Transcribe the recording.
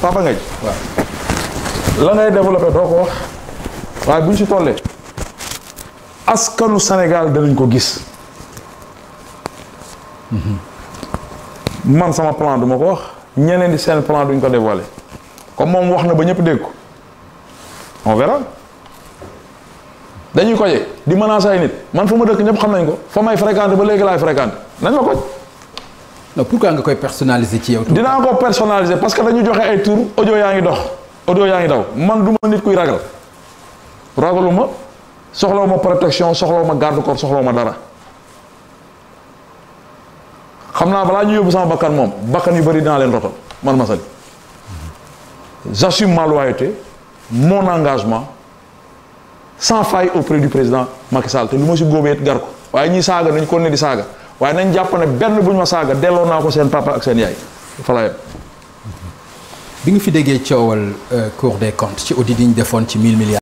papa ngay waaw la ngay développé doo ko wax waaye bu ñu si tollee askanu Sénégal danañ ko gis man sama plan du ko wax ñeneen di seen plan duñ ko dévoilé comme moom wax na ba ñëpp dégg ko on verra dañuy koje di menacer nit man fu ma dëkk ñëpp xam nañ ko fa may fréquenté ba léegi laay fréquenté nañ ma ko. non pourquoi nga koy personnaliser ci yow. dinaa ko personnaliser parce que dañu joxe ay tour audio yaa ngi dox audio yaa ngi daw man du ma nit kuy ragal ragaluma soxlawuma protection soxlawuma garde corps soxlawuma dara xam naa balaa ñu yóbbu sama bakkan moom bakkan yu bari dinaa leen rotal man Massaly j'assume ma loyauté mon engagement sans faille auprès du président Macky Sall te lu ma si góobee gar ko waaye ñi saaga nañ ko ne di saaga. waaye nañ jàpp ne benn bu ñu ma saaga delloo naa ko seen papa ak seen yaay fa la yem bi nga fi déggee coowal euh, Cour des comptes ci audit yi ñu defoon ci 1000 milliards.